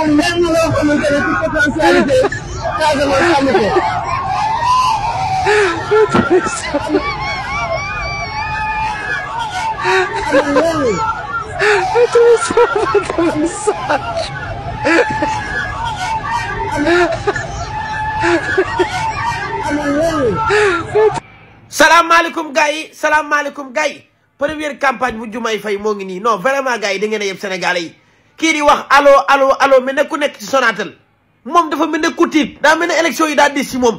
amul lenn loo xamante ne ci potentialité Casamance amu ko. amul lenn. amul lenn. salaamaaleykum gars yi salaamaaleykum gars yi première campagne bu Diomaye Faye moo ngi nii non vraiment gars yi da ngeen a yëpp Sénégalais yi. kii di wax allo alo allo mel ne ku nekk ci Sonatel moom dafa mel ne ku tiit daa mel ne élection yi daa dis ci moom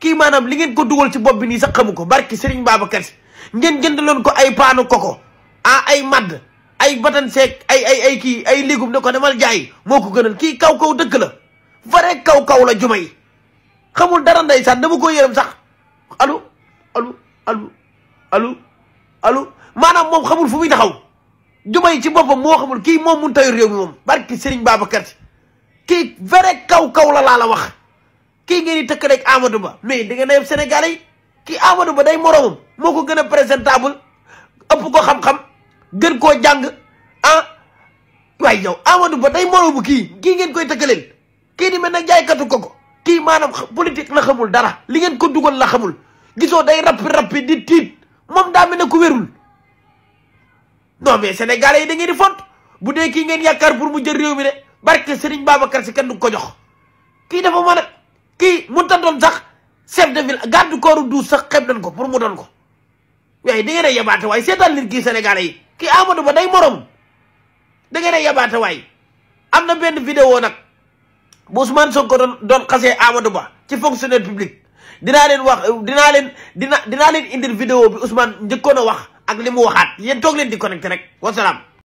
kii maanaam li ngeen ko dugal ci bopp bi nii sax xamu ko barki Serigne Babacar Si ngeen jëndaloon ko ay paanu koko ah ay madd ay batan seek ay ay ay kii ay légume ne ko demal jaay moo ko gënal kii kaw kaw dëkk la vrai kaw kaw la jumay xamul dara ndeysaan dama ko yërëm sax alo alu alo alu alu maanaam moom xamul fu muy taxaw juma yi ci boppam moo xamul kii moom mun tayu réew mi moom barki Serigne Babacar Si kii vrai kaw-kaw la laa wax kii ngeen di tëkkale ak Amadou Ba mais da nga ne Sénégalais yi kii Amadou Ba day moromam moo ko gën a présentable ëpp ko xam-xam gën koo jàng ah waaye yow Amadou Ba day moromu kii kii ngeen koy tëkkaleel kii di mel ne jaaykatu koko kii maanaam politique la xamul dara li ngeen ko dugal la xamul gisoo day rappi rappi di tiit moom daa mel ne ku wérul non mais sénégalais yi da ngeen di font bu dee kii ngeen yaakaar pour mu jël réew mi de barke Serigne Babacar si kenn du ko jox kii dafa mën a kii mu ta doon sax chef de ville garde corps du sax xeeb nañ ko pour mu doon ko waaye da ngeen a yabaate waay seetaan leen kii sénégalais yi kii Amadou Ba day morom da waay am na benn vidéo nag bu Ousmane Sonko doon doon xasee ama Ba ci fonctionnaire public dinaa leen wax dinaa leen dina dinaa leen indil vidéo bi Ousmane njëkkoon a wax ak li mu waxaat yéen toog leen di connecté rek wasalaam